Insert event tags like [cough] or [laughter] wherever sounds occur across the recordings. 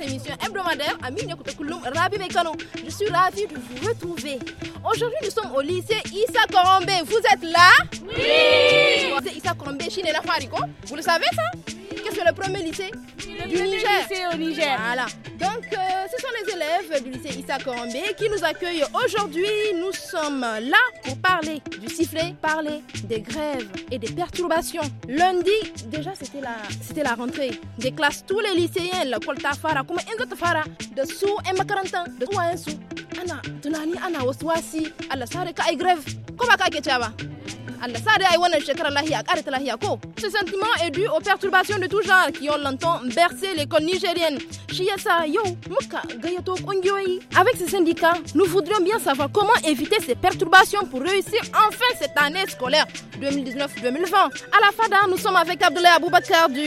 votre émission hebdomadaire Amine Koutoukoulou Rabi Mekano. Je suis ravie de vous retrouver. Aujourd'hui, nous sommes au lycée Issa Korombe. Vous êtes là Oui C'est Issa Korombe, Vous le savez ça Qu'est-ce que le premier lycée le du Niger lycée au Niger. Voilà. Donc, euh, ce sont les élèves du lycée Issa Korombe qui nous accueillent aujourd'hui. Nous sommes là pour parler parler des grèves et des perturbations. Lundi, déjà c'était la, c'était la rentrée. Des classes, tous les lycéens, le kolta comme kuma inga tafara, da su en makaranta, à su ana tunani ana wasu wasi, Allah sare ka ai grève. Ko ba ka ke cewa ce sentiment est dû aux perturbations de tout genre qui ont longtemps bercé l'école nigérienne avec ce syndicat, nous voudrions bien savoir comment éviter ces perturbations pour réussir enfin cette année scolaire 2019-2020 à la FADA nous sommes avec Abdoulaye Aboubakar du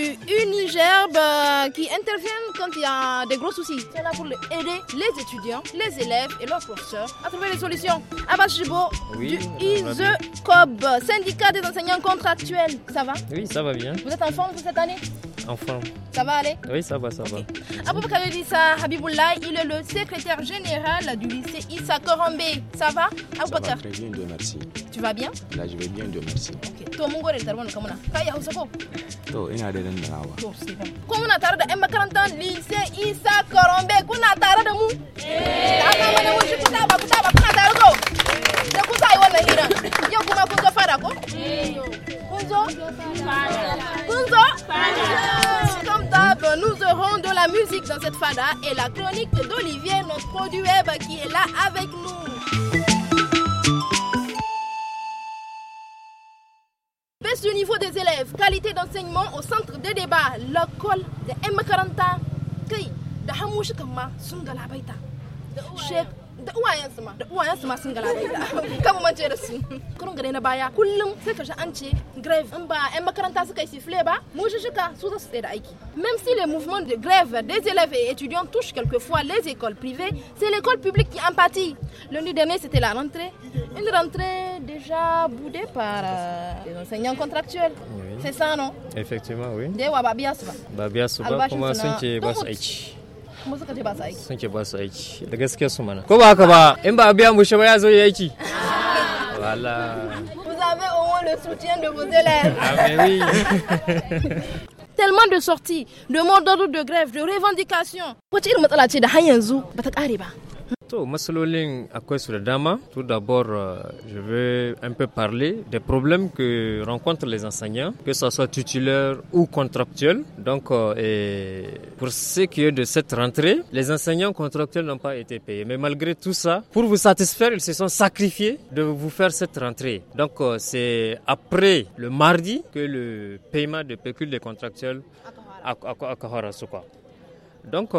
Unigerb euh, qui intervient quand il y a des gros soucis c'est là pour aider les étudiants les élèves et leurs professeurs à trouver des solutions Abbas Jibo du euh, ISECOB syndicat des enseignants contractuels. Ça va Oui, ça va bien. Vous êtes en forme pour cette année En forme. Ça va aller Oui, ça va, ça va. Abou Issa Habiboullah, il est le secrétaire général du lycée Issa Korombe. Ça va Abou Bakar Très bien, Dieu merci. Tu vas bien Là, je vais bien, Dieu merci. Ok. To mun gode da tarwon ka muna. Kai Hausa ko? To ina da dan darawa. To sai Ko muna tare da ƴan makarantar lycée Isa Korombe kuna tare da mu? Eh. Da ana mana mun shi kuta ba kuta ba kuna tare ko? Da ku sai wannan hiran. Yau kuma kun ga fara comme nous aurons de la musique dans cette fada et la chronique d'Olivier notre produit web qui est là avec nous baisse du niveau des élèves qualité d'enseignement au centre de débat l'école de M40 da uwayensu ma da uwayensu ma sun galabaita kan mance da su kurun gare na baya kullum sai ka an ce grave in ba yan makaranta suka yi sifle ba mu shika su za su tsaye da aiki même si les mouvements de grève des élèves et étudiants touchent quelquefois les écoles privées c'est l'école publique qui en pâtit lundi dernier c'était la rentrée une rentrée déjà boudée par euh, les enseignants contractuels oui. c'est ça non effectivement oui de wa ba biya su ba ba ba sun aiki kuma suka je ba su aiki suke ba su aiki da gaskiya su mana ko ba haka ba in ba a biya mu ba ya zo ya aiki wala vous avez au moins le soutien de vos élèves ah oui tellement de sorties de mots d'ordre de grève de revendications wace irin matsala ce da har yanzu bata kare ba Masololing à sur le dama. Tout d'abord, euh, je vais un peu parler des problèmes que rencontrent les enseignants, que ce soit titulaire ou contractuels. Donc, euh, et pour ce qui est de cette rentrée, les enseignants contractuels n'ont pas été payés. Mais malgré tout ça, pour vous satisfaire, ils se sont sacrifiés de vous faire cette rentrée. Donc, euh, c'est après le mardi que le paiement de pécule des contractuels à, été fait. Donc,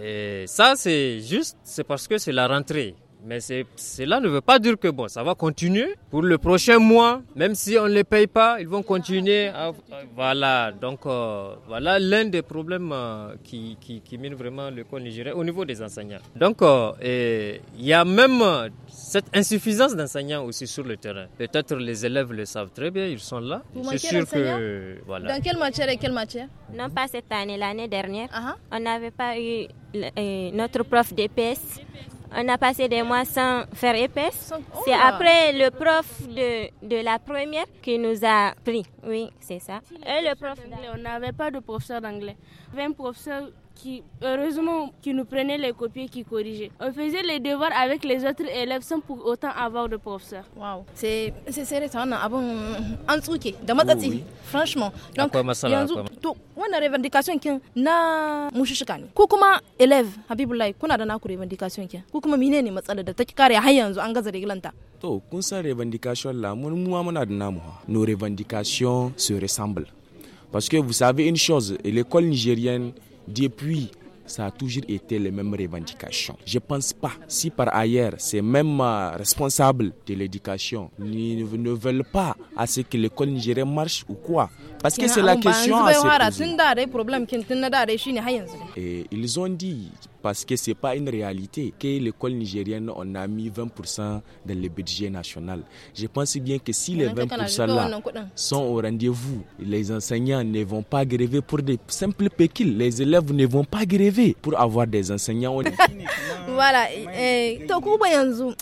et ça, c'est juste, c'est parce que c'est la rentrée. Mais cela ne veut pas dire que bon, ça va continuer. Pour le prochain mois, même si on ne les paye pas, ils vont continuer. À, voilà, donc euh, voilà l'un des problèmes euh, qui, qui, mine vraiment l'école nigérienne au niveau des enseignants. Donc euh, il y a même cette insuffisance d'enseignants aussi sur le terrain. Peut-être les élèves le savent très bien, ils sont là. C'est sûr que... Voilà. Dans quelle matière et quelle matière Non, pas cette année, l'année dernière. Ah ah. On n'avait pas eu notre prof d'EPS on a passé des mois sans faire épaisse. Oh c'est après le prof de, de la première qui nous a pris. Oui, c'est ça. Et le prof, on n'avait pas de professeur d'anglais. 20 professeurs qui, heureusement, qui nous prenait les copies, et qui corrigeaient. On faisait les devoirs avec les autres élèves sans pour autant avoir de professeur. Wow. C'est sérieux, on a un truc, franchement. Donc, on a revendication qui na mushishikani. Kukuma élève, qu'on a dans la revendication qui. Kukuma mine ne matsalar da ta kare har yanzu reglanta. To, kun san revendication la, muwa muna da Nos revendications se ressemblent. Parce que vous savez une chose, l'école nigérienne depuis, ça a toujours été les mêmes revendications. Je ne pense pas si par ailleurs ces mêmes euh, responsables de l'éducation ne veulent pas à ce que l'école nigérienne marche ou quoi. Parce que c'est la question à Et ils ont dit, parce que ce n'est pas une réalité, que l'école nigérienne, on a mis 20% dans le budget national. Je pense bien que si les 20%-là sont au rendez-vous, les enseignants ne vont pas gréver pour des simples péquilles. Les élèves ne vont pas gréver pour avoir des enseignants. [laughs] voilà. Eh,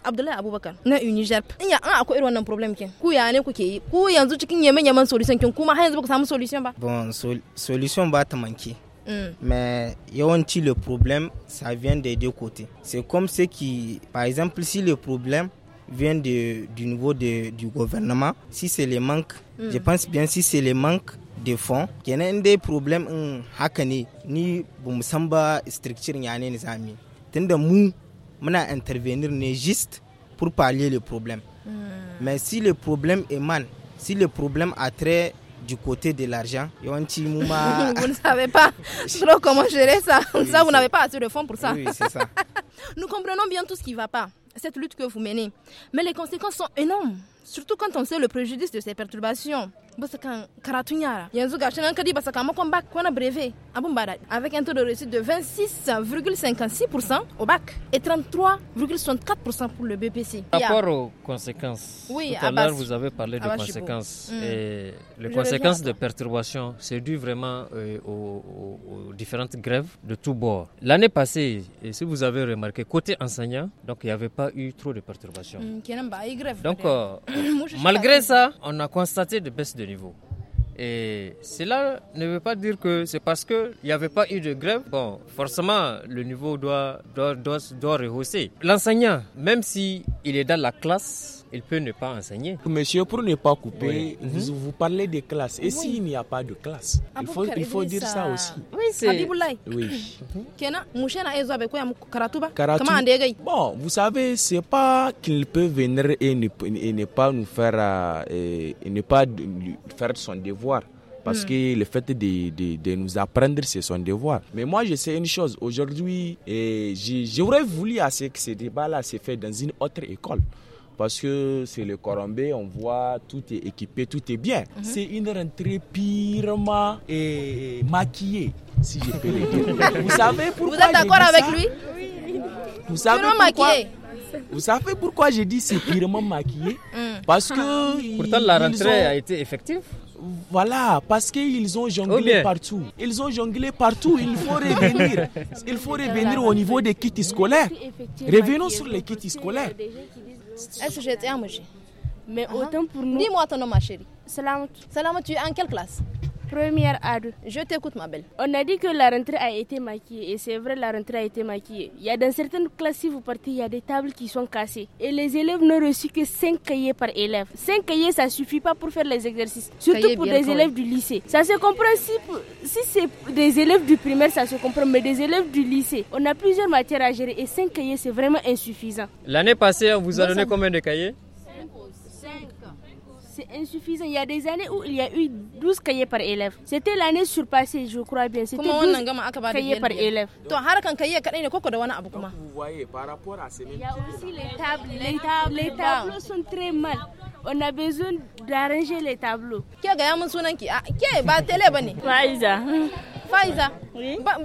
Abdoulaye Abubakar, un Il y a un problème. Il y a un problème. Il y a un problème. Il y a un problème la solution ba bon sol solution ba ta mm. Mais le problème, ça vient des deux côtés. C'est comme ce qui, par exemple, si le problème vient de, du niveau de, du gouvernement, si c'est le manque, mm. je pense bien si c'est le manque de fonds, il y a un des problèmes en hakani ni bumsamba structure yane ni amis. Tende mou, mena intervenir ne juste pour pallier le problème. Mm. Mais si le problème émane, si le problème a trait du côté de l'argent. [laughs] vous ne savez pas trop comment gérer ça. ça, vous n'avez pas assez de fonds pour ça. Oui, c'est ça. [laughs] Nous comprenons bien tout ce qui ne va pas, cette lutte que vous menez. Mais les conséquences sont énormes, surtout quand on sait le préjudice de ces perturbations kan karatun yara yanzu avec un taux de réussite de 26,56% au bac et 33,64% pour le BPC. Par rapport aux conséquences, oui, tout à l'heure vous avez parlé de conséquences hmm. et les conséquences de perturbation c'est dû vraiment euh, aux, différentes grèves de tous bords. L'année passée, si vous avez remarqué, côté enseignant, donc il n'y avait pas eu trop de perturbations. Hmm, donc euh, [coughs] malgré ça, on a constaté des baisses de niveau. Et cela ne veut pas dire que c'est parce qu'il n'y avait pas eu de grève. Bon, forcément, le niveau doit, doit, doit, rehausser. L'enseignant, même si il est dans la classe, il peut ne pas enseigner. Monsieur, pour ne pas couper, mhm. vous, parlez de classes. Et s'il n'y a pas de classe, il ah, faut, dire ça aussi. Oui, Bon, vous savez, c'est pas qu'il peut venir et ne, pas nous faire, euh, ne pas faire son devoir parce hmm. que le fait de, nous apprendre, c'est son devoir. Mais moi, je sais une chose, aujourd'hui, euh, j'aurais voulu à que ce débat-là se fait dans une autre école. Parce que c'est le Corombé, on voit, tout est équipé, tout est bien. Mhm. C'est une rentrée pirement et maquillée, si je peux le dire. [laughs] Vous savez pourquoi Vous êtes d'accord avec lui Oui. Vous savez pourquoi Vous savez pourquoi j'ai dit c'est pirement maquillé mhm. Parce que... [laughs] Pourtant, la rentrée a été effective voilà, parce qu'ils ont jonglé oh, partout. Ils ont jonglé partout. Il faut revenir. [laughs] Il faut revenir au niveau des kits scolaires. Revenons sur les kits scolaires. Euh, est-ce que j'étais un Mais ah ah. autant pour nous. Dis-moi ton nom, ma chérie. Salam. Salam, tu es en quelle classe première à Je t'écoute, ma belle. On a dit que la rentrée a été maquillée, et c'est vrai, la rentrée a été maquillée. Il y a dans certaines classes, si vous partez, il y a des tables qui sont cassées. Et les élèves n'ont reçu que 5 cahiers par élève. 5 cahiers, ça suffit pas pour faire les exercices, surtout pour des élèves du lycée. Ça se comprend si, si c'est des élèves du primaire, ça se comprend, mais des élèves du lycée, on a plusieurs matières à gérer, et 5 cahiers, c'est vraiment insuffisant. L'année passée, on vous a donné combien de cahiers c'est insuffisant. Il y a des années où il y a eu 12 cahiers par élève. C'était l'année surpassée, je crois bien. C'était 12 cahiers par élève. Vous voyez, par rapport à ces Il y a aussi les tables. Les, tables, les tableaux sont très mal. On a besoin d'arranger les tableaux. Qui a gagné ah, qui a bah, bah, Faiza. Faiza. Oui. Bah,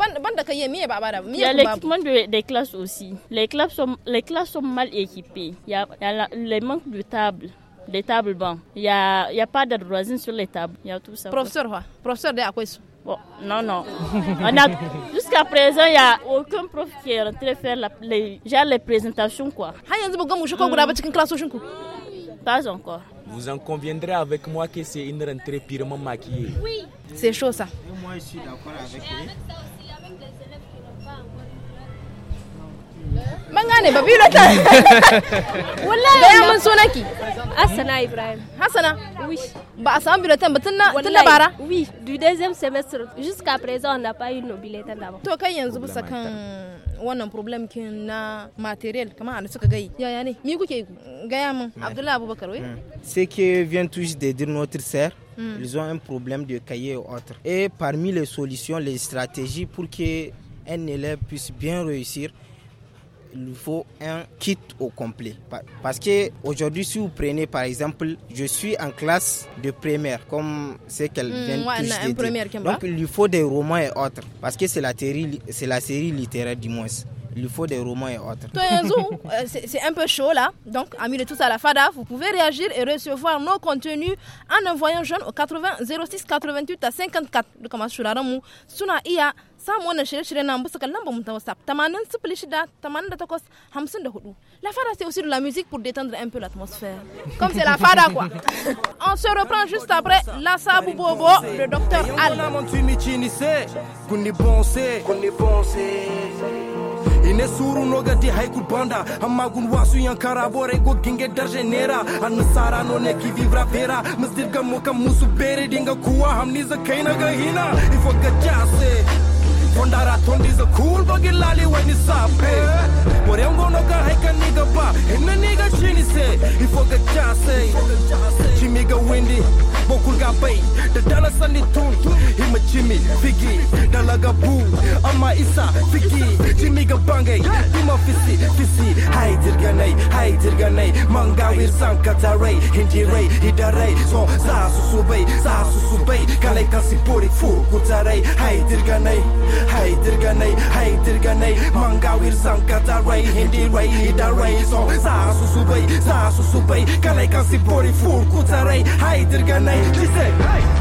il y a l'équipement des classes aussi. Les classes, sont, les classes sont mal équipées. Il y a, il y de tables les tables, bon, il n'y a, y a pas de voisins sur les tables. Il y a tout ça. Professeur, quoi. Professeur de Akwesu. Bon, non, non. [laughs] jusqu'à présent, il n'y a aucun prof qui est rentré faire la, les, les présentations, quoi. Pas encore. Vous en conviendrez avec moi que c'est une rentrée purement maquillée. Oui. C'est chaud, ça. moi, je d'accord avec mangane gane ba biyu da ta wallahi da yamin suna ki Hassana Ibrahim Hassana oui ba a bi bulletin ba tun na tun bara oui du deuxième semestre jusqu'à présent on n'a pas eu nos billets d'abord to kan yanzu bisa kan wannan problem kin na materiel kamar an suka gai yaya ne mi kuke gaya mun Abdullahi Abubakar oui c'est que vient tous de dire notre sœur hmm. Ils ont un problème de cahier ou autre. Et parmi les solutions, les stratégies pour que un élève puisse bien réussir, il lui faut un kit au complet. Parce que aujourd'hui, si vous prenez par exemple, je suis en classe de primaire, comme c'est qu'elle hmm, vient de dire. Donc il lui faut des romans et autres, parce que c'est la, c'est la série littéraire du moins il lui faut des romans et autres. [laughs] Euh, c'est un peu chaud là. Donc, amis de tous à la FADA, vous pouvez réagir et recevoir nos contenus en envoyant jeune au 80 06 88 à 54. Suna Iya samun wannan shirye-shirye na bisa kan lambar mu ta WhatsApp 80-68-54. La Fada, c'est aussi de la musique pour détendre un peu l'atmosphère. Comme c'est la Fada, quoi. [laughs] On se reprend juste après la Sabu Bobo, le docteur Al. ine suru nogati haikul banda amagun wasu yankara bore go ginge darje nera annasara no ne ki vivra vera masdir ga musu bere dinga kuwa hamni za kaina ga hina ifo ga jase wonder I thought is a cool buggy lolly when it's up. But I'm gonna go hike a nigga pop. And the nigga chinny say, if windy, Boku got bait. The Dallas and the Jimmy dalaga dalagabu ama isa Figi Jimmy bangay dima fisi fisi haydirganay haydirganay mangawir sankataray hindiray hidaray son saa susubay saa susubay kalay kasipuri Hai Dirgane, haydirganay haydirganay mangawir sankataray hindiray hidaray son saa susubay saa susubay kalay kasipuri furkutaray Dirgane, listen hey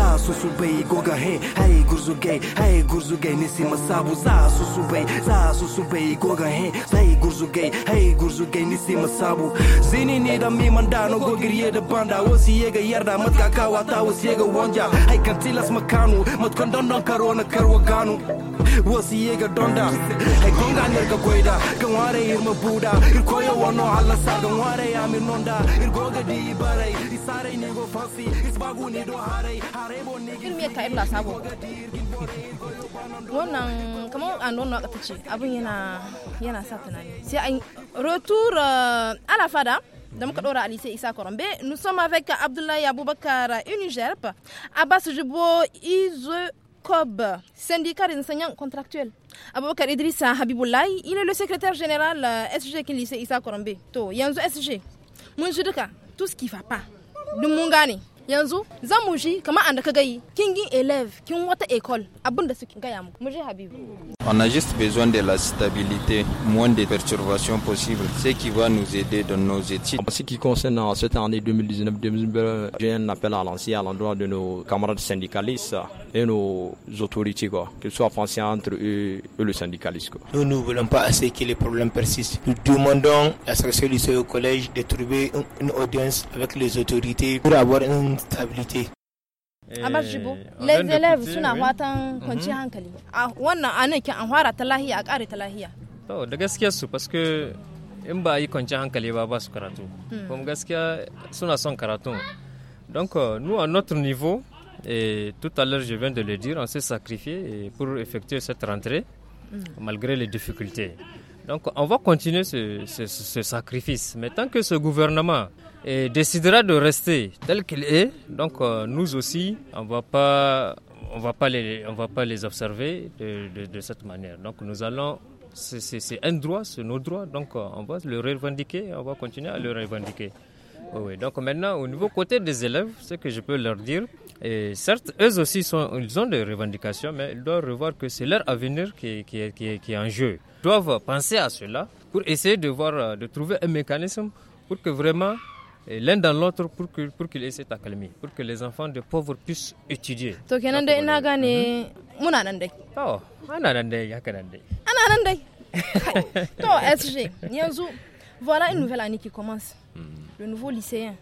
zasusubai goga hey hey Gurzugei, hey Gurzugei nisi masabu zasusubai zasusubai goga hey hey Gurzugei, hey Gurzugei nisi masabu zini ni da mi mandano gogiriye de banda wasi yega yarda matka kawata wasi yega wanja Aikantilas kantilas makanu matkan dandan karona karwaganu wasiyaga dhondha egonganirga goydha ganwaaray irma buudha irkoya wano hallasa fasi ibla sabo kamar an don waka ce abin yana yana sa tunani sai an retour ala da muka dora alise isa korombe nous sommes avec abdoulaye abubakar uniger. abbas jibo izo COB, syndicat des enseignants contractuels. Idrissa Habiboulaye, il est le secrétaire général euh, SG qui lycée Issa Korombe. To, yanzu SG. tout ce qui va pas. mungani on a juste besoin de la stabilité moins de perturbations possibles ce qui va nous aider dans nos études en ce qui concerne cette année 2019-2020 j'ai un appel à lancer à l'endroit de nos camarades syndicalistes et nos autorités quoi qu'ils soient pensés entre eux et le syndicalisme nous ne voulons pas assez que les problèmes persistent nous demandons à ce que sont au collège de trouver une audience avec les autorités pour avoir un stabilité Les élèves sont suna watan kwanciyar mhm. hankali ah, wannan ah, anan kin an fara ta lahiya a ƙare ta lahiya ah. to oh, da gaskiyar su que in ba yi kwanciyar hankali ba ba su karatu kuma hmm. gaskiya suna son karatu donc euh, nous à notre niveau et tout à l'heure je viens de le dire on s'est sacrifié pour effectuer cette rentrée hmm. malgré les difficultés donc on va continuer ce, ce, ce sacrifice mais tant que ce gouvernement et décidera de rester tel qu'il est, donc euh, nous aussi, on va pas, on va pas les, on va pas les observer de, de, cette manière. Donc nous allons, c'est un droit, c'est nos droits, donc euh, on va le revendiquer, on va continuer à le revendiquer. Oui, donc maintenant, au niveau côté des élèves, ce que je peux leur dire, et certes, eux aussi, sont, ils ont des revendications, mais ils doivent revoir que c'est leur avenir qui, qui, qui, est en jeu. Ils doivent penser à cela pour essayer de, voir, euh, de trouver un mécanisme pour que vraiment l'un dans l'autre pour que pour qu'il ait cette pour que les enfants de pauvres puissent étudier. To kenan dai ina gane mhm. muna nan dai. Oh, ana nan dai haka nan Ana nan dai. [laughs] To SG voilà une nouvelle année qui commence. Mhm. Le nouveau lycéen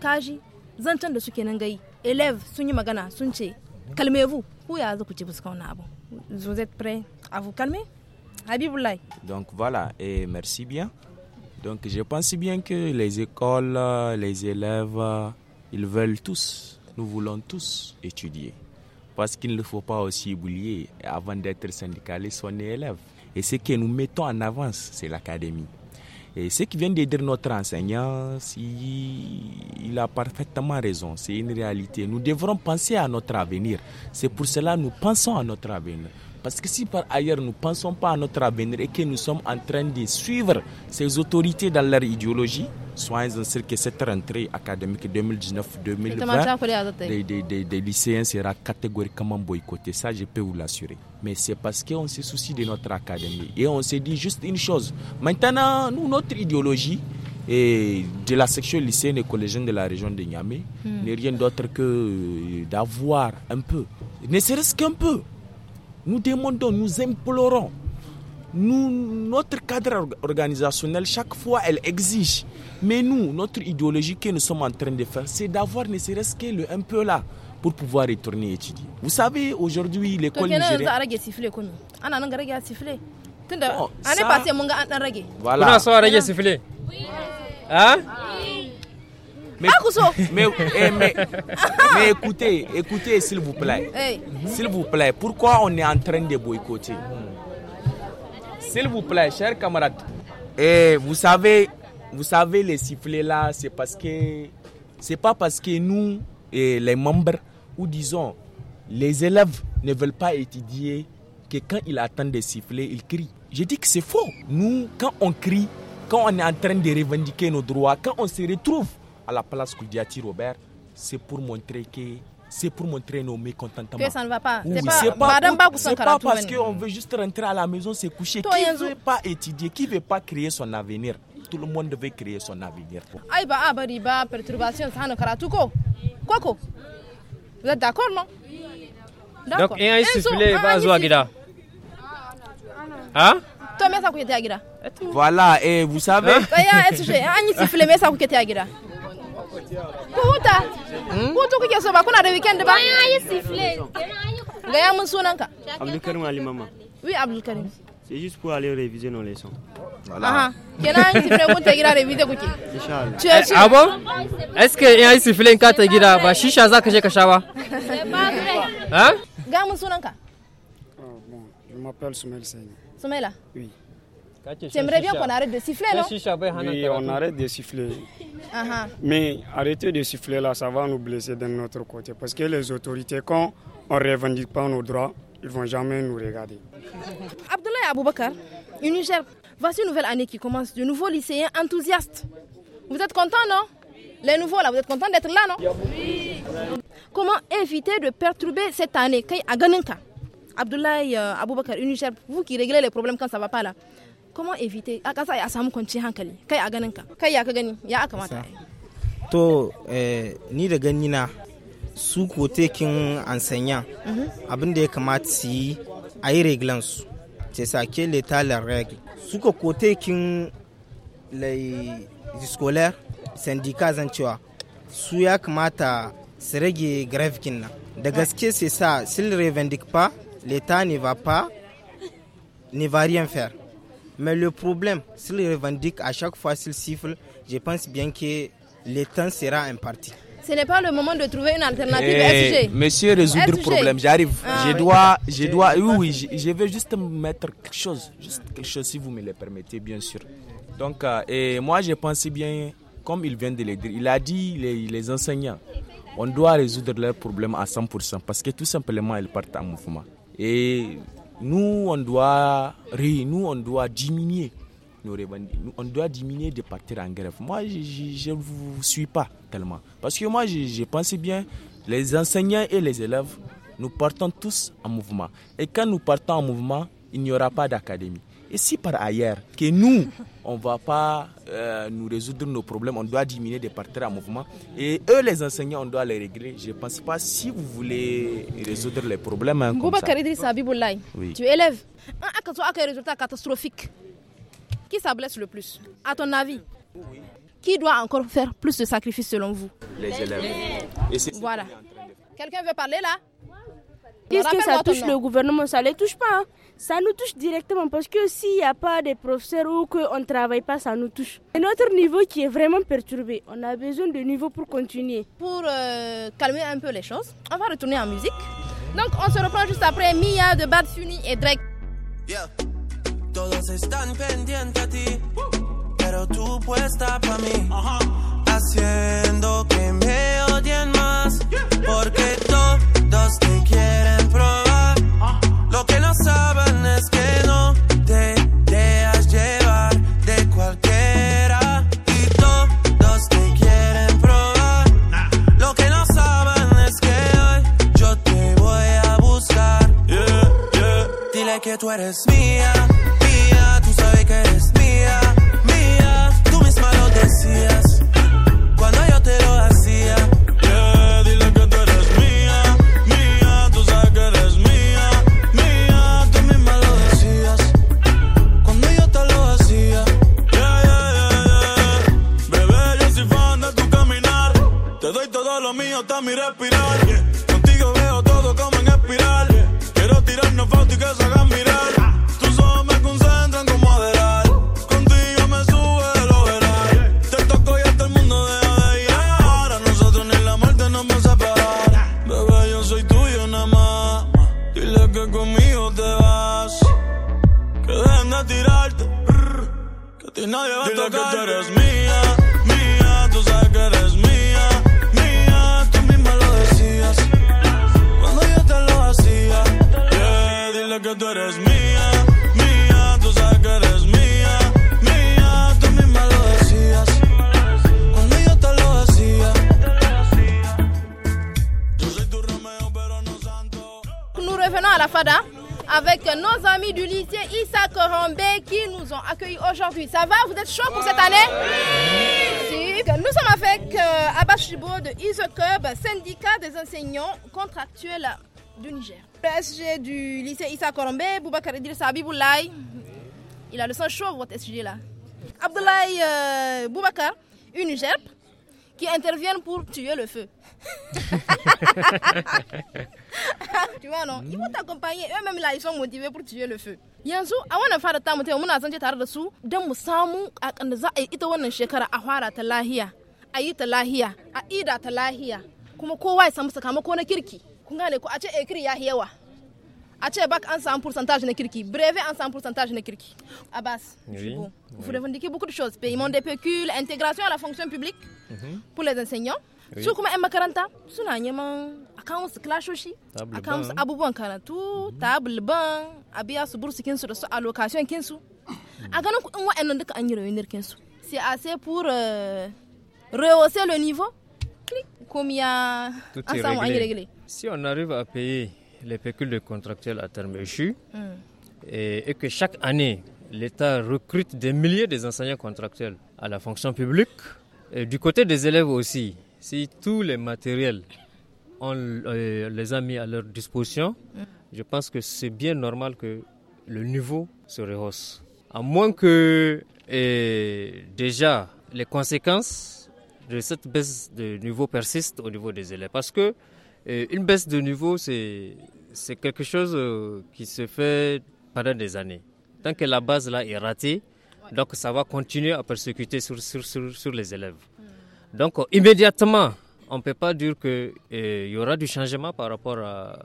kaji zantan de ce qu'il gai élèves sun magana sun calmez-vous ku ya za ku ci fuska Vous êtes prêts à vous calmer? Habibullah. Donc voilà et merci bien. Donc je pense bien que les écoles, les élèves, ils veulent tous, nous voulons tous étudier. Parce qu'il ne faut pas aussi oublier, avant d'être syndical on est élève. Et ce que nous mettons en avance, c'est l'académie. Et ce qui vient de dire notre enseignant, il a parfaitement raison, c'est une réalité. Nous devrons penser à notre avenir. C'est pour cela que nous pensons à notre avenir. Parce que si par ailleurs nous ne pensons pas à notre avenir et que nous sommes en train de suivre ces autorités dans leur idéologie, soyez en sûr que cette rentrée académique 2019-2020 des, lycéens sera catégoriquement boycottée. Ça, je peux vous l'assurer. Mais c'est parce qu'on se soucie de notre académie et on s'est dit juste une chose. Maintenant, nous, notre idéologie, et de la section lycéenne et collégienne de la région de Niamey hmm. n'est rien d'autre que euh, d'avoir un peu, ne serait-ce qu'un peu, nous demandons, nous implorons. notre cadre organisationnel, chaque fois, elle exige. Mais nous, notre idéologie que nous sommes en train de faire, c'est d'avoir ne serait-ce le un peu là pour pouvoir retourner étudier. Vous savez, aujourd'hui, l'école nigérienne... Bon, mais, ah, eh, mais, mais, écoutez, écoutez s'il vous plaît. S'il vous plaît, pourquoi on est en train de boycotter S'il vous plaît, chers camarades. Et eh, vous savez, vous savez les sifflets là, c'est parce que c'est pas parce que nous et eh, les membres ou disons les élèves ne veulent pas étudier que quand ils attendent des sifflets, ils crient. Je dis que c'est faux. Nous, quand on crie, quand on est en train de revendiquer nos droits, quand on se retrouve à la place Kouliati Robert, c'est pour montrer que c'est pour montrer nos mécontentements. Que ça ne va pas. Oui, c'est pas, pas, pour, pas parce qu'on veut juste rentrer à la maison, se coucher. Toi qui ne veut pas étudier, qui ne veut pas créer son avenir Tout le monde veut créer son avenir. Aïba, abariba, perturbation, ça ne karatuko. Koko. Vous êtes d'accord, non Donc, et un soufflé, va jouer à Gida. Hein Toi, mais ça, vous êtes à Voilà, et vous savez. Un soufflé, un soufflé, mais ça, vous êtes à Gida. Ku huta. Hutu hmm? kuke so ba kuna da weekend ba? ya yi sifle. ga ya mun sunan sunanka. Abdulkarim Ali Mama. Oui, Abdulkarim. C'est juste pour aller réviser nos leçons. Voilà. Kenan yi sifle kun ta gida réviser kuke. Inshallah. Eh, ah bon? Est-ce que yi sifle in ka ta gida ba shisha za ka je ka sha ba? Hein? Ga mun sunan sunanka. Ah, je m'appelle Soumaïl Seyni. Soumaïla? Oui. J'aimerais bien qu'on arrête de siffler, non ben, on arrête de siffler. Ah, ah. Mais arrêter de siffler là, ça va nous blesser de notre côté. Parce que les autorités, quand on ne revendique pas nos droits, ils ne vont jamais nous regarder. Abdoulaye Aboubakar, une voici une nouvelle année qui commence. De nouveaux lycéens enthousiastes. Vous êtes contents, non Les nouveaux là, vous êtes contents d'être là, non Oui. Comment éviter de perturber cette année Abdoulaye euh, Aboubakar, une vous qui réglez les problèmes quand ça ne va pas là. kuma evite a ah, kasa ya samu kwanci hankali kai a ganin ka kai ya ka gani ya aka mata to eh, ni da gani na su ko tekin sanya mhm. abin da ya kamata su yi a yi reglansu ce sake letalar regle su ko ko tekin lai discolar sandika zan cewa su ya kamata su rage grafikin nan da gaske sai sa sil revendic pa leta ne va pa ne variant faire Mais le problème, s'il revendique à chaque fois, s'il siffle, je pense bien que le temps sera imparti. Ce n'est pas le moment de trouver une alternative eh, Monsieur, résoudre le problème, j'arrive. Ah, je dois, je dois, oui, oui, je, vais veux juste mettre quelque chose, juste quelque chose, si vous me le permettez, bien sûr. Donc, euh, et moi, je pense bien, comme il vient de le dire, il a dit les, les enseignants, on doit résoudre leurs problèmes à 100% parce que tout simplement, ils partent en mouvement. Et nous, on doit nous, on doit diminuer. Nous, on doit diminuer de partir en grève. Moi, je ne vous suis pas tellement. Parce que moi, je, je pense bien, les enseignants et les élèves, nous partons tous en mouvement. Et quand nous partons en mouvement, il n'y aura pas d'académie. Et si par ailleurs, que nous, [laughs] on ne va pas euh, nous résoudre nos problèmes, on doit diminuer des partenaires en mouvement, et eux, les enseignants, on doit les régler. Je ne pense pas si vous voulez résoudre les problèmes. Hein, comme ça. tu élèves. Un résultat catastrophique. Qui ça blesse le plus À ton avis Qui doit encore faire plus de sacrifices selon vous Les élèves. voilà. Quelqu'un veut parler là Qu'est-ce que ça touche le gouvernement, ça ne les touche pas. Hein ça nous touche directement parce que s'il n'y a pas de professeurs ou qu'on ne travaille pas, ça nous touche. C'est notre niveau qui est vraiment perturbé. On a besoin de niveau pour continuer. Pour euh, calmer un peu les choses, on va retourner en musique. Donc on se reprend juste après Mia de Bad Funny et Drake. que me tú eres mía, mía, tú sabes que eres mía, mía, tú misma lo decías. Ça va Vous êtes chaud pour cette année Oui Nous sommes avec euh, Abba Chibo de Isocub, syndicat des enseignants contractuels du Niger. PSG du lycée Issa Korombe, Boubacar Idrissa Sabiboulaye. Il a le sang chaud, votre SG là Abdoulaye euh, Boubacar, une qui interviennent pour tuer le feu. [laughs] tu vois non ils vont hmm. t'accompagner eux-mêmes là ils sont motivés pour tuer le feu yanzu a wannan fara ta mutum muna zance tare da su don mu samu kakan da za a yi ita wannan shekara a fara ta lahiya a yi ta lahiya a ida ta lahiya kuma kowa ya samu sakamako na kirki kun gane ko a ce ekiri ya yawa a bac en 100 pourcentage de kirki, brevet en 100 pourcentage de kirki. Abbas, oui, bon. oui. vous revendiquez beaucoup de choses. Paiement des pécules, intégration à la fonction publique mhm. pour les enseignants. comme su kuma 40 ans, suna neman akawun su kilashoshi akawun su abubuwan karatu mhm. tabul ban a biya su bursukin su da su allocation kinsu a ganin kuɗin wa'annan duka an yi rayuwar kinsu sai a sai pour euh, rehausser le niveau il y a samu an yi régler. si on arrive à payer les pécules de contractuels à terme échu hmm. et, que chaque année, l'État recrute des milliers des enseignants contractuels à la fonction publique. Et du côté des élèves aussi, si tous les matériels, on euh, les a mis à leur disposition, hmm. je pense que c'est bien normal que le niveau se rehausse. À moins que déjà les conséquences de cette baisse de niveau persistent au niveau des élèves. Parce que une baisse de niveau, c'est quelque chose euh, qui se fait pendant des années. Tant que la base là est ratée, donc ça va continuer à persécuter sur, sur, les élèves. Hmm. Donc euh, immédiatement, on ne peut pas dire qu'il euh, y aura du changement par rapport à,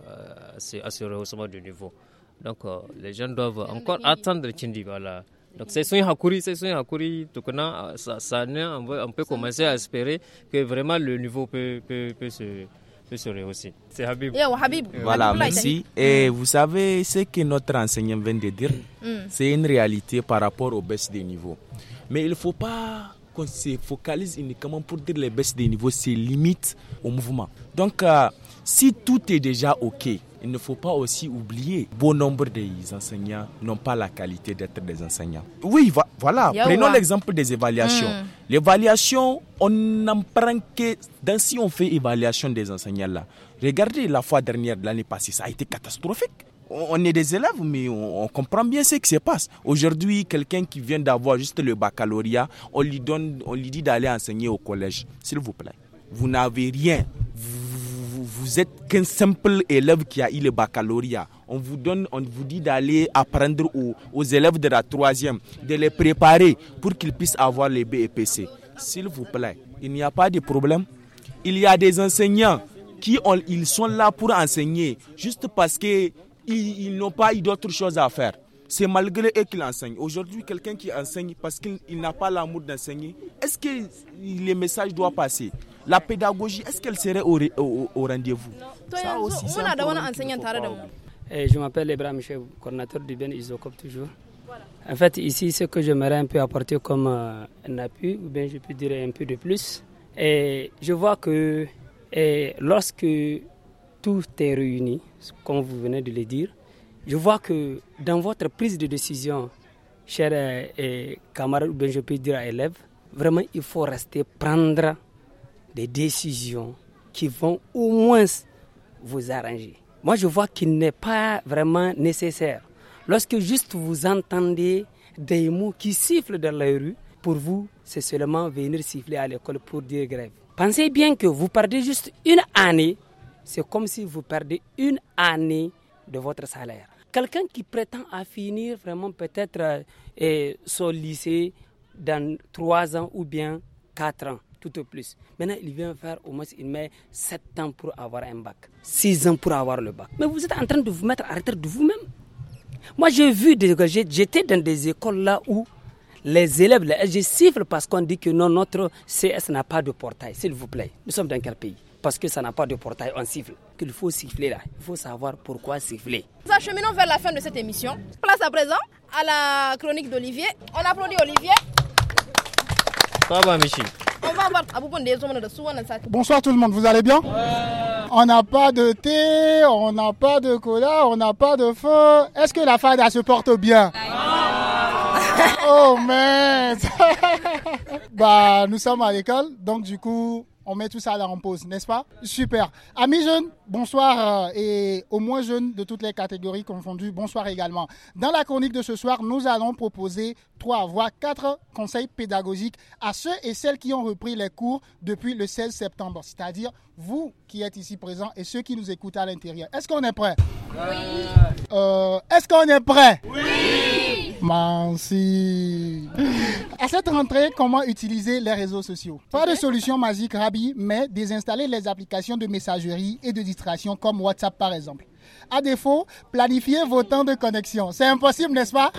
à, ce, rehaussement du niveau. Donc les gens doivent encore attendre Voilà. Donc c'est son hakuri, c'est son hakuri. Donc ça, ça, on peut commencer à espérer que vraiment le niveau peut, peut, peut se aussi. C'est Habib. Voilà, merci. Et mm. vous savez, ce que notre enseignant vient de dire, mm. c'est une réalité par rapport aux baisses des niveaux. Mais il ne faut pas qu'on se focalise uniquement pour dire les baisses des niveaux, c'est limite au mouvement. Donc, euh, si tout est déjà OK, il ne faut pas aussi oublier, bon nombre des enseignants n'ont pas la qualité d'être des enseignants. Oui, voilà. Prenons l'exemple des évaluations. Hmm. L'évaluation, on n'en prend que dans si on fait évaluation des enseignants là. Regardez la fois dernière, de l'année passée, ça a été catastrophique on est des élèves, mais on, comprend bien ce qui se passe. Aujourd'hui, quelqu'un qui vient d'avoir juste le baccalauréat, on lui, donne, on lui dit d'aller enseigner au collège. S'il vous plaît, vous n'avez rien. Vous vous êtes qu'un simple élève qui a eu le baccalauréat. On vous donne, on vous dit d'aller apprendre aux, élèves de la troisième, de les préparer pour qu'ils puissent avoir les BEPC. S'il vous plaît, il n'y a pas de problème. Il y a des enseignants qui ont, ils sont là pour enseigner juste parce qu'ils ils, n'ont pas eu d'autre chose à faire c'est malgré eux qu'il enseigne. Aujourd'hui, quelqu'un qui enseigne parce qu'il n'a pas l'amour d'enseigner, est-ce que les messages doivent passer La pédagogie, est-ce qu'elle serait au, rendez-vous Ça aussi, eh, Je m'appelle Ibrahim suis coordinateur du Ben Isocop toujours. En fait, ici, ce que j'aimerais un peu apporter comme euh, un appui, ou bien je peux dire un peu de plus, et je vois que lorsque tout est réuni, comme vous venez de le dire, je vois que dans votre prise de décision, chers euh, camarades, ou bien je peux dire élèves, vraiment il faut rester prendre des décisions qui vont au moins vous arranger. Moi, je vois qu'il n'est pas vraiment nécessaire. Lorsque juste vous entendez des mots qui sifflent dans la rue, pour vous, c'est seulement venir siffler à l'école pour dire grève. Pensez bien que vous perdez juste une année, c'est comme si vous perdez une année de votre salaire. Quelqu'un qui prétend à finir vraiment peut-être euh, son lycée dans trois ans ou bien quatre ans, tout au plus. Maintenant, il vient faire au moins, il met sept ans pour avoir un bac, six ans pour avoir le bac. Mais vous êtes en train de vous mettre à retraite de vous-même. Moi, j'ai vu, j'étais dans des écoles là où les élèves, je parce qu'on dit que non, notre CS n'a pas de portail. S'il vous plaît, nous sommes dans quel pays parce que ça n'a pas de portail, on siffle. Qu'il faut siffler là, il faut savoir pourquoi siffler. Nous acheminons vers la fin de cette émission. Place à présent à la chronique d'Olivier. On applaudit Olivier. Ça Michi. Bonsoir tout le monde, vous allez bien On n'a pas de thé, on n'a pas de cola, on n'a pas de feu. Est-ce que la fada se porte bien Oh, oh [laughs] man Bah, nous sommes à l'école, donc du coup, on met tout ça là en pause, n'est-ce pas Super. Amis jeunes, Bonsoir euh, et aux moins jeunes de toutes les catégories confondues, bonsoir également. Dans la chronique de ce soir, nous allons proposer trois voire quatre conseils pédagogiques à ceux et celles qui ont repris les cours depuis le 16 septembre, c'est-à-dire vous qui êtes ici présents et ceux qui nous écoutent à l'intérieur. Est-ce qu'on est prêt Oui. Euh, est-ce qu'on est prêt Oui. Merci. À cette rentrée, comment utiliser les réseaux sociaux Pas de solution magique, Rabi, mais désinstaller les applications de messagerie et de distribution comme WhatsApp par exemple. À défaut, planifiez vos temps de connexion. C'est impossible, n'est-ce pas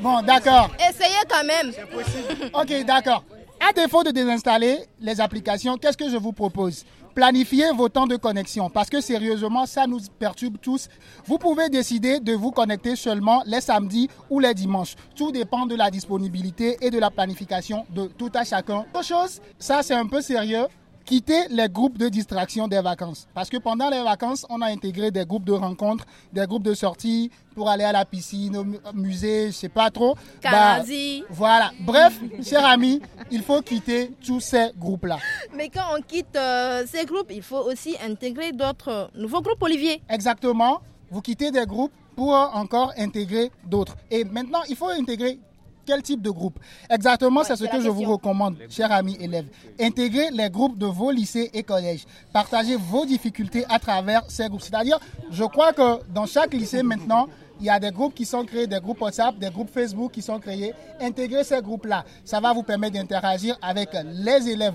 Bon, d'accord. Essayez quand même. C'est possible. Ok, d'accord. À défaut de désinstaller les applications, qu'est-ce que je vous propose Planifiez vos temps de connexion parce que sérieusement, ça nous perturbe tous. Vous pouvez décider de vous connecter seulement les samedis ou les dimanches. Tout dépend de la disponibilité et de la planification de tout à chacun. Autre chose, ça c'est un peu sérieux, quitter les groupes de distraction des vacances. Parce que pendant les vacances, on a intégré des groupes de rencontres, des groupes de sorties pour aller à la piscine, au musée, je sais pas trop. Bah, voilà. Bref, cher ami, il faut quitter tous ces groupes-là. Mais quand on quitte euh, ces groupes, il faut aussi intégrer d'autres euh, nouveaux groupes, Olivier. Exactement. Vous quittez des groupes pour encore intégrer d'autres. Et maintenant, il faut intégrer quel type de groupe Exactement, c'est ce que je vous recommande, chers amis élèves. Intégrez les groupes de vos lycées et collèges. Partagez vos difficultés à travers ces groupes. C'est-à-dire, je crois que dans chaque lycée maintenant, il y a des groupes qui sont créés, des groupes WhatsApp, des groupes Facebook qui sont créés. Intégrez ces groupes-là. Ça va vous permettre d'interagir avec les élèves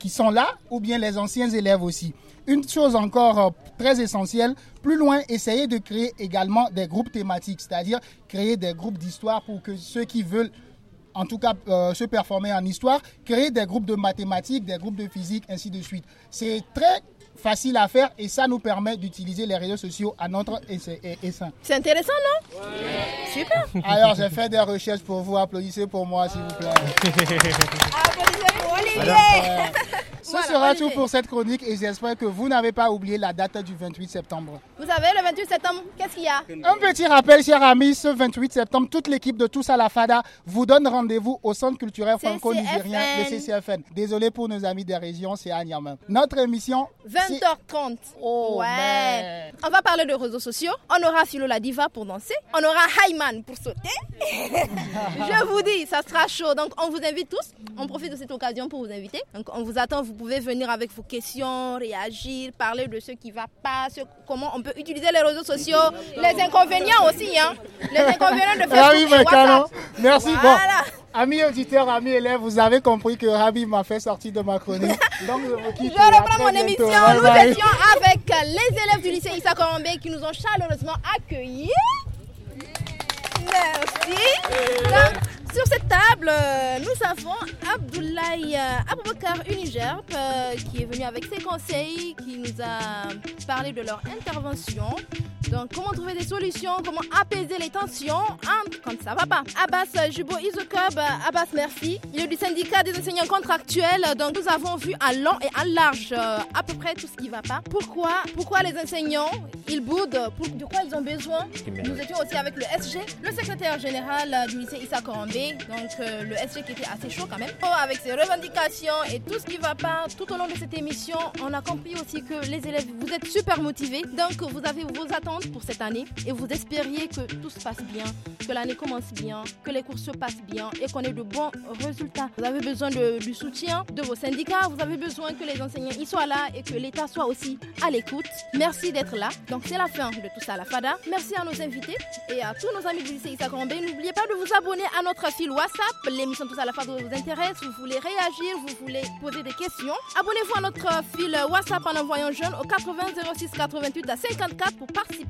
qui sont là ou bien les anciens élèves aussi. Une chose encore euh, très essentielle, plus loin, essayez de créer également des groupes thématiques, c'est-à-dire créer des groupes d'histoire pour que ceux qui veulent en tout cas euh, se performer en histoire, créer des groupes de mathématiques, des groupes de physique, ainsi de suite. C'est très facile à faire et ça nous permet d'utiliser les réseaux sociaux à notre essaim. C'est intéressant, non Super. Alors, j'ai fait des recherches pour vous. Applaudissez pour moi, s'il vous plaît. Ah, applaudissez pour Olivier. Ce sera tout pour cette chronique et j'espère que vous n'avez pas oublié la date du 28 septembre. Vous savez, le 28 septembre, qu'est-ce qu'il y a Un petit rappel, chers amis, ce 28 septembre, toute l'équipe de Tous à la Fada vous donne rendez-vous au Centre culturel franco-nigérien, le CCFN. Désolé pour nos amis des régions, c'est Anyama. Notre émission... 20h30. ouais. On va parler de réseaux sociaux. On aura Philola Diva pour danser. On aura Hayman pour sauter. [laughs] Je vous dis, ça sera chaud. Donc, on vous invite tous. On profite de cette occasion pour vous inviter. Donc, on vous attend pouvez venir avec vos questions, réagir, parler de ce qui va pas, comment on peut utiliser les réseaux sociaux, les inconvénients aussi, hein, les inconvénients de Facebook Merci. Voilà. Amis auditeurs, amis élèves, vous avez compris que Rabi m'a fait sortir de ma chronique. [laughs] Donc je, reprends mon émission. Nous étions avec les élèves du lycée Issa Korombe qui nous ont chaleureusement accueillis. Merci. Sur cette table, euh, nous avons Abdoulaye euh, Aboubakar Unigerp euh, qui est venu avec ses conseils, qui nous a parlé de leur intervention donc, comment trouver des solutions, comment apaiser les tensions hein? quand ça va pas. Abbas euh, Jubo Isocob euh, Abbas Merci, il est du syndicat des enseignants contractuels. Donc, nous avons vu à long et à large euh, à peu près tout ce qui va pas. Pourquoi Pourquoi les enseignants, ils boudent De quoi ils ont besoin Nous étions aussi avec le SG, le secrétaire général du lycée Issa Korambé. Donc, le SG qui était assez chaud quand même. Oh, avec ses revendications et tout ce qui va pas tout au long de cette émission, on a compris aussi que les élèves, vous êtes super motivés. Donc, vous avez vos attentes pour cette année et vous espériez que tout se passe bien, que l'année commence bien, que les cours se passent bien et qu'on ait de bons résultats. Vous avez besoin du soutien de vos syndicats, vous avez besoin que les enseignants y soient là et que l'État soit aussi à l'écoute. Merci d'être là. Donc c'est la fin de tout ça, la FADA. Merci à nos invités et à tous nos amis du lycée Issa N'oubliez pas de vous abonner à notre fil WhatsApp. L'émission Tout ça, la FADA vous intéresse. Vous voulez réagir, vous voulez poser des questions. Abonnez-vous à notre fil WhatsApp en envoyant jeune au 80 06 88 à 54 pour participer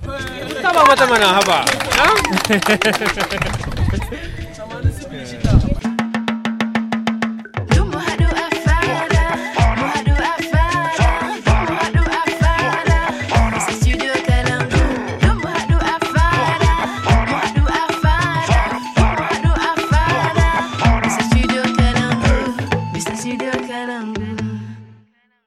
ba ta mana haba. [laughs]